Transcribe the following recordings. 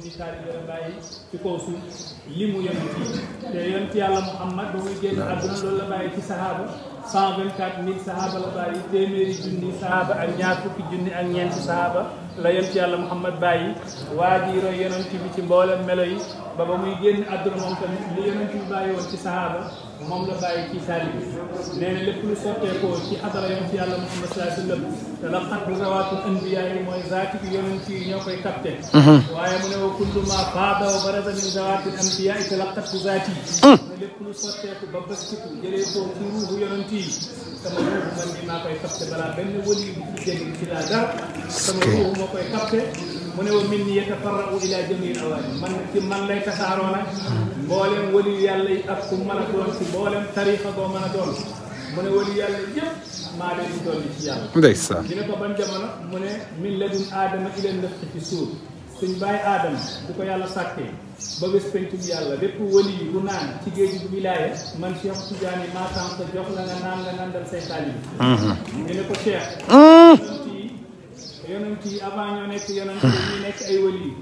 misaal yi doon bàyyi ci kaw suuf li mu yonent yi te yonent yàlla Muhammad ba muy génn àdduna loolu la bàyyi ci sahaaba cent vingt quatre mille sahaaba la bàyyi téeméeri junni sahaaba ak ñaar fukki junni ak ñeenti sahaaba la yonent yàlla Muhammad bàyyi waa ji roy yonent bi ci mboolem melo yi ba ba muy génn àdduna moom tamit li yonent bi bàyyi woon ci sahaaba moom la bàyyi ci saalib nee na lépp lu sotteekoo ci xadara yonent yàlla muhammad sallallahu alayhi wa sallam te la xat zawaatul anbiyaa yi mooy zaati bi yonent yi ñoo koy capté mhm. waaye mu ne wa kullu ma faada wa baraza min zawaatil anbiyaa yi te la xat zaati mhm. ne lépp lu sotteeku ba bëstiku jëlee koo ci ruuxu yonent yi sama ruuxu man bi maa koy capté balaa benn wëli bi ci jéggi ci laa dara sama ruuxu moo koy capté mu ne wa min ni yatafarrau ila jamil awaani man ci man lay tasaaroo nag mboolem waliyu yàlla yi ak ku mën a doon ci mboolem tariixa boo mën a doon mu ne waliyu yàlla yëpp maa leen di dolli ci yàlla ndeysaan ñu ne ko ban jamono mu ne min ladun aadama ileen ndef ci suuf suñ bàyyi aadama bu ko yàlla sàkkee ba bés pencum yàlla bépp wali yi bu naan ci géej bu wilaaya man Cheikh Tidiane yi maa tànk jox la nga naan nga nandal say taalibe mhm. ñu ne ko Cheikh mhm. yonent yi avant ñoo nekk yonent yi nekk ay wali yu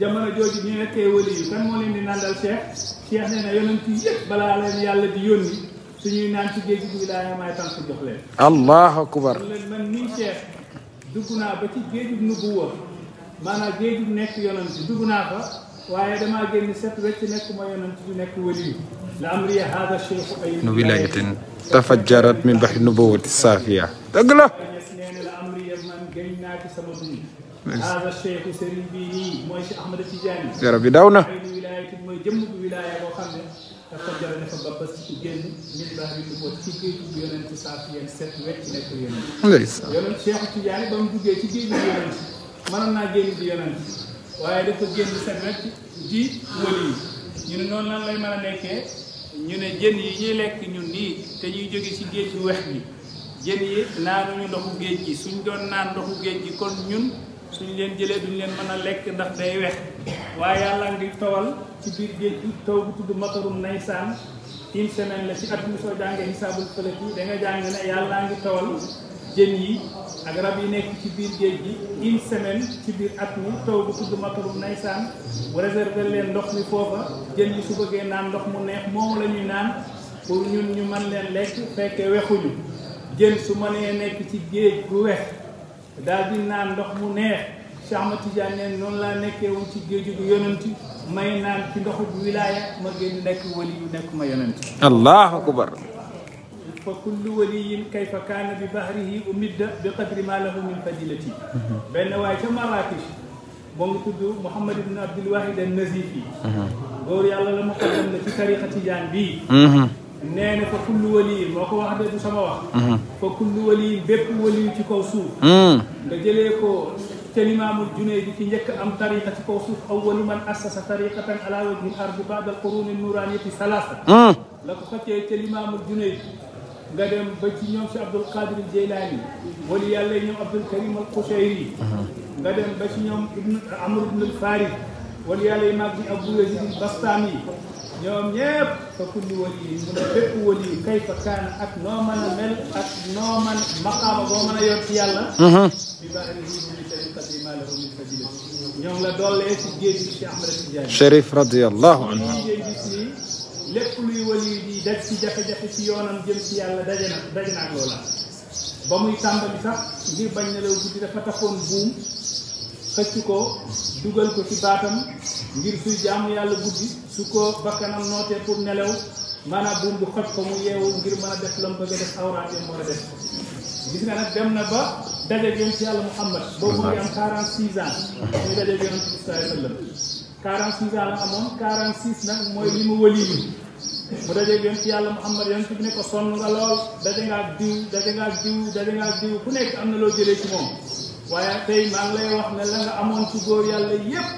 jamono jooju ñu nekk ay wali yu kan moo leen di nandal Cheikh Cheikh nee na yonent yi yëpp balaa leen yàlla di yónni suñuy naan ci géej gi wilaaya maay tànk jox leen. allahu akbar leen man nii Cheikh naa ba ci géejub nubuwa maanaam géejub nekk yonent dugg naa fa waaye damaa génn set wecc nekk ma yonent bi nekk wali yu la amri hada cheikh ay wilayatin tafajjarat min bahri gëñ naa ci sama dund. aada cheikhu sëriñ bii nii mooy si Ahmada Tidiane. garab bi daw na. mooy jëmm bu wilaaya boo xam ne dafa jël dafa ba ci génn nit ba xam ne ko ci géej gi yonent saa fi yéen set wecc nekk yonent. ndeysaan yonent Cheikhu Tidiane ba mu duggee ci géej gi naa génn di yonent waaye dafa génn set wecc di wëli ñu ne noonu lan lay mën a nekkee ñu ne jën yi ñuy lekk ñun nii te ñuy jóge ci géej gi wex bi jën yi naanuñu ndoxu géej gi suñu doon naan ndoxu géej gi kon ñun suñu leen jëlee duñ leen mën a lekk ndax day wex waaye yàlla ngi tawal ci biir géej gi taw bu tudd matarum naysaan une semaine la ci at mi soo jàngee hisaabul fëlëk yi da nga ngi tawal jën yi ak yi nekk ci biir géej gi semaine ci biir at mi taw bu tudd matarum naysaan bu réserver leen ndox mi foofa jën yi su bëggee naan ndox mu neex moomu la ñuy naan pour ñun ñu mën leen lekk fekkee wexuñu jën su mënee nekk ci géej gu wex daal di naan ndox mu neex Cheikh Ahmad Tidiane neen noonu laa nekkee woon ci géeju gu yonent may naan ci ndoxu bu wilaaya ma génn nekk wali yu nekk ma yonent allahu akbar fa kullu waliyin kayfa kaana bi bahrihi umidda bi qadri ma lahu min fadilati benn waaye ca Marrakech boo ngi tudd Mouhamad ibn Abdul Wahid an-Nazifi góor yàlla la ma ko dem na ci tariqa Tidiane bii nee na fa kullu waliin moo ko wax mhm. fa kullu waliin bépp waliin ci kaw suuf. Mhm. nga jëlee ko te limaamul Junayd bi am tariqa ci kaw suuf awwalu man assasa tariqatan ala wajhi l ardi baada al quruni nuraniyati salaasa. Mhm. la ko xëccee nga dem ba ci ñoom si Abdul Qadir Jeylaani wali yàlla ñoom Abdul Karim al Qushayri nga dem ba ci ñoom ibn Amr ibn al yi Abu Yazid Bastami ñoom ñépp fa kulli wali mu ne bépp wali kay ak noo a mel ak noo mën a yor ci yàlla mhm. bi bahri bi tariqati ma lahu min fadila ñoom la dollee si ci Ahmad Tidiane Chérif radiyallahu luy wali di ci yoonam jëm ci yàlla daje na daje ba muy tàmbali sax ngir bañ nelaw guddi dafa taxoon buum xëcc ko dugal ci baatam ngir suy yàlla guddi su ko bakkanam nootee pour nelaw maanaam buum bu xoj ko mu yeewu ngir mën a def lam bëgg a def awraat yam war a gis nga nag dem na ba dajeeg yonent yàlla Muhammad boobu mu ngi am 46 ans muy dajeeg yonent bi sallallahu mooy li mu wëli mu dajeeg yonent yàlla Muhammad yonent bi ne ko sonn nga lool daje ngaa diw daje ngaa diw daje ku nekk am na loo jële ci moom waaye tey maa ngi lay wax ne la nga amoon ci góor yàlla yépp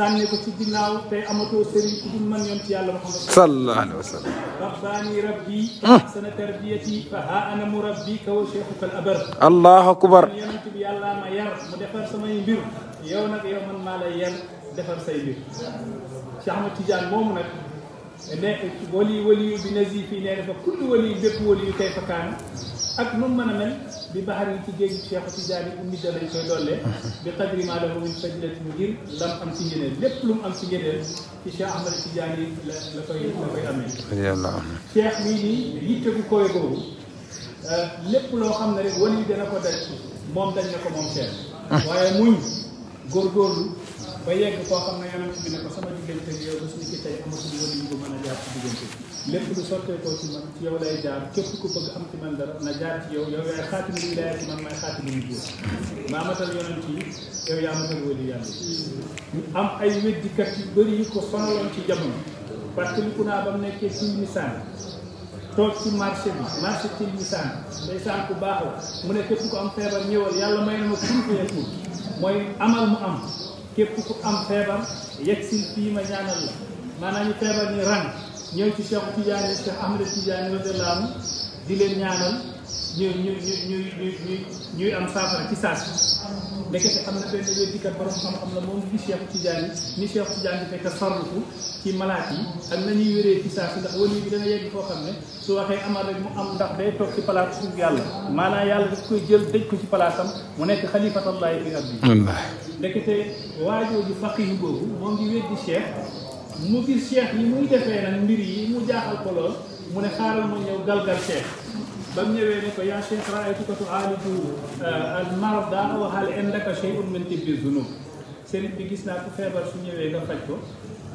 sànni ko ci ginnaaw tey amatoo sëriñ ku dul man yoon ci yàlla Muhammad sallallahu alayhi wa sallam rabbaani rabbi hmm. ahsana tarbiyati fa ha ana murabika wa cheikhuka al abar allahu akbar yonent bi yàlla ma yar mu defar samay mbir yow nag yow man maa lay yar defar say mbir Cheikh Ahmad Tidiane moomu nag ne wali waliyu bi nazifi nee na fa kullu waliyu bépp waliyu kay fa kaan ak nu mu mën a mel bi baxar yi ci géej Cheikhu Tijaani ummi da lañ koy dollee bi qadri ma lahu min fadilati ngir lam am ci ngeneel lépp lu mu am ci ngeneel ci Cheikh Ahmad Tijaani la la koy la koy amee Cheikh mii nii yitte gu koy boobu euh, lépp loo xam ne rek wan yi dana ko daj moom dañ ne ko moom Cheikh ah. waaye muñ góorgóorlu ba yegg koo xam ne yonent bi ne ko sama diggante yow ba suñu ci tey amatul wali bu mën a jaar ci diggante lépp lu sotteekoo ci man ci yow lay jaar képp ku bëgg am ci man dara na ci yow yow matal yonent yi yàlla ñu am ay weddikat yu bëri ci jamono parce que li ku naa ba mu nekkee baax la mu ne képp ko am feebar ñëwal yàlla may na ma pour mooy amal mu am képp ku am feebar yegg si fii ma ñaanal la maanaam ñu feebar ni rang ñëw ci Cheikh Tidiane Cheikh Ahmed Tidiane radiyallahu anhu di leen ñaanal ñu ñu ñu ñu ñuy am saafara ci saa si ndekete am na benn wéddikat borom xam-xam la moom di Cheikh Tidiane ni Cheikh Tidiane fekk farluku ci malaat yi ak nañuy wéree ci saa si ndax wali bi dana yegg foo xam ne su waxee amal rek mu am ndax day toog ci palaas suuf yàlla maanaam yàlla daf koy jël dëj ko ci palaasam mu nekk xalifatullahi fi ardi ndekete waajooju yi boobu moo ngi weddi cheikh mu gis cheikh yi mu defee nag mbir yi mu jaaxal ko lool mu ne xaaral ma ñëw galgal cheikh ba mu ñëwee ne ko yaa cheikh raaytuka tu'aalidu euh, al marda wa hal indaka shay'un min tibbi zunub sëriñ bi gis naa ku feebar su ñëwee nga faj ko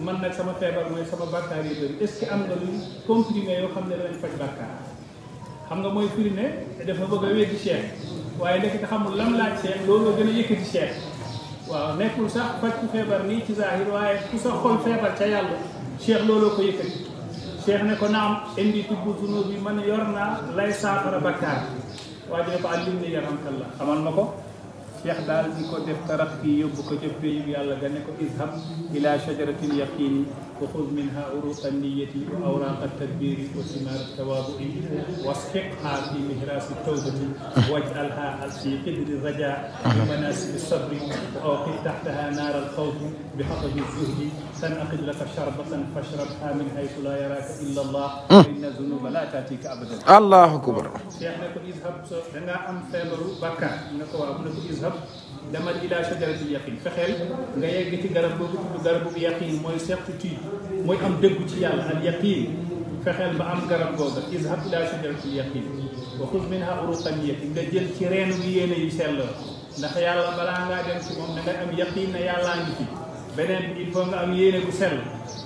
man nag sama feebar mooy sama bàkkaar yi bëri est-ce que am nga luy comprimé yoo xam ne danañ faj bàkkaar xam nga mooy firi ne dafa bëgg a weddi cheikh waaye ndekete xamul lam laaj cheikh loolu gën a yëkkati waaw nekkul sax faj ku feebar nii ci zahir waaye ku sa xol feebar ca yàlla cheikh looloo ko yëkkati cheikh ne ko naam indi tubbu zunub bi man yor naa lay saafara bakkaar waa ji ne ko àllim ni yarhamkallah xamal ma ko cheikh daal di ko def taraf kii yóbbu ko ca péyib yàlla ga ne ko isham ila shajaratil yaqini وخذ منها عروق النية وأوراق التدبير وثمار التواضع واسحقها في مهراس التوبة واجعلها في قدر الرجاء ومناسب الصبر وأوقد تحتها نار الخوف بحطب الزهد تنعقد لك شربة فاشربها من حيث لا يراك إلا الله فإن الذنوب لا تأتيك أبدا الله أكبر شيخنا اذهب أنا أم فيبر بكا نكو أبنك اذهب demal ila shajaratil yaqin fexeel nga yegg ci garab boobu tudd garabu bu yaqin mooy certitude mooy am dëggu ci yàlla al yaqin fexeel ba am garab googa izhab ila shajaratil yaqin wa xuz minha uruqan yaqin nga jël ci reenu bi yéene yu sell ndax yàlla balaa ngaa dem ci moom nga am yaqin ne yàllaa ngi fi beneen bi il faut nga am yéene bu sell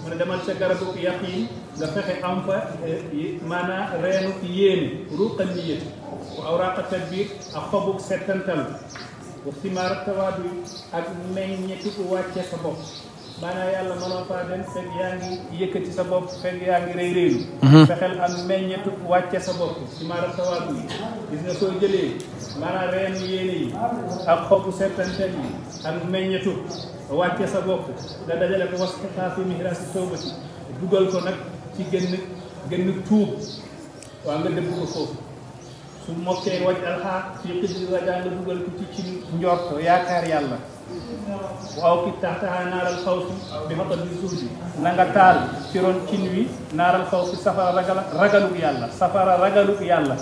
mu ne demal ca garabu bu yaqin nga fexe am fa eh, maanaam reenu yéene uruqan niyati wa awraqa tadbir ak xobuk settantal wa simaar tawaadu ak meññetu ku wàcce sa bopp maanaam yàlla mënoo faa dem fekk yaa ngi yëkkati sa bopp fekk yaa ngi rëy rëylu mhm. fexeel am meññetu wàcce sa bopp simaar tawaadu gis nga soo jëlee maanaam reen yéene yi ak xobu sertanten meññetu wàcce sa bopp da dajale ko was xataa fi mihraasi tawbati dugal ko nag ci gën gënn tuub waa nga dëbb ko foofu su mokkee waj alxaaq fii xis bi wajaan nga dugal ci ci njorto yaakaar yàlla waaw ki taxtaxaa naaral xaw si bi ma xat bi suuf bi na nga taal ci ron cin wi naaral xaw si safara ragal ragaluk yàlla safara ragaluk yàlla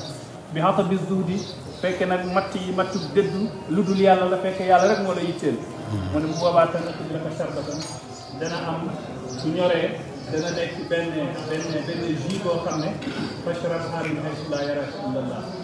bi xata bi zuhdi fekke nag matt yi mattu dëddu lu dul yàlla la fekke yàlla rek moo la yitteel mu ne bu boobaa tan tudd la ko sarbatan dana am su ñoree dana nekk benn benn benn jus boo xam ne fashrabhaa min haysu laa yaraa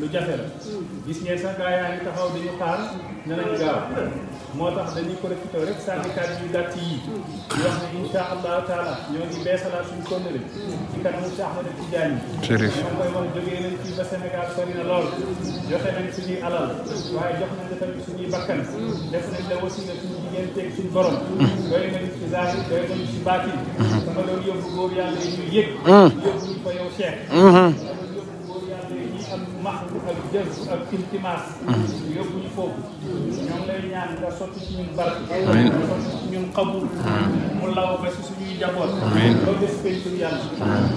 lu jafe la gis ngeen sax gaa yaa ngi taxaw dañu ne nañu gaaw moo tax dañuy profité rek syndicat yu gàtt yi wax ne insha allahu taala ñoo ngi beesalaat suñu kóllëre ci kanamu Cheikh Ahmada Tidiane yi moom koy wax jógee nañ waaye jox nañ tamit suñuy bakkan def nañ la aussi la suñu digganteeg suñu borom doy nañ ci zaari doy nañ ci baati dama mhm. doon yóbbu góor yàlla yi ñuy yëg yóbbu ñu ko jël ak iltimaas yóbbuñu foofu ñoom lay ñaan nga sotti ci ñun barke nga sotti ci ñun xabul mu law ba si suñuy jaboot ba bés pencum yàlla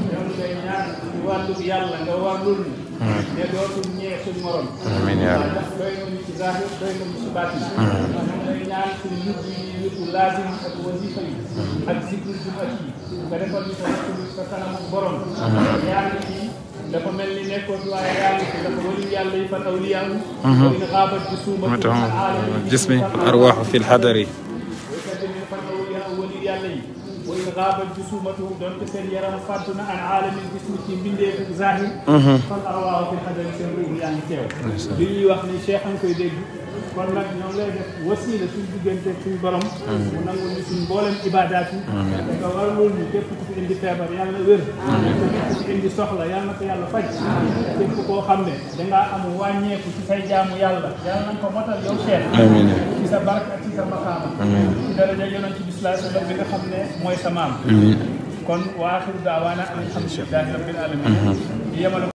ñoom lay ñaan ci wàllu yàlla nga wàllul ni te dootul ñee suñ morom ndax doy nañu ci zahir doy nañu ci baatin ñoom lay ñaan suñ yut yi yutu laazim ak wasifa yi ak zikru jumat yi nga defal ñu sa sa kanamu borom yaa ngi ci dafa mel ni nekkoon waaye yàlla ci dafa wali yàlla yi fan awliyaa in xaabat bi suumatu al jismi arwaaxu fi lxadari fan awliyaa wali yàlla yi wa in xaabat bi suumatu doonte seen yaram fàddu na an aalamin jismi ci mbindeefu zahir mhm. fan arwaaxu fi lxadari seen ruux yaa ngi teew li ñuy wax ni cheikh an koy dégg kon nag ñoom lay wasiila suñ diggante suñ borom mu nangu ñu suñ mboolem ibaadaat yi nga waraloon ñu képp ku fi indi feebar yàlla wér képp ku soxla yàlla na ko yàlla faj képp koo xam ne dangaa am wàññeeku ci yow seet ci sa barke ak ci sa maqaama ci daraja yonent bi sallallahu alayhi wa sallam nga xam ne mooy sa maam kon waa aaxiru daawaana alhamdulillahi rabbil alamin